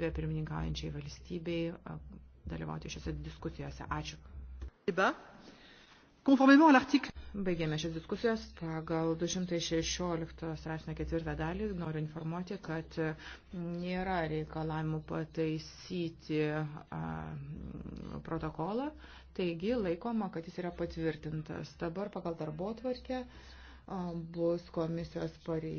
galimybę pirmininkaujančiai valstybei dalyvauti šiose diskusijose. Ačiū. Baigėme šias diskusijas pagal 216 straipsnio ketvirtą dalį. Noriu informuoti, kad nėra reikalavimų pataisyti a, protokolą, taigi laikoma, kad jis yra patvirtintas. Dabar pagal darbo tvarkę bus komisijos pareigūnai.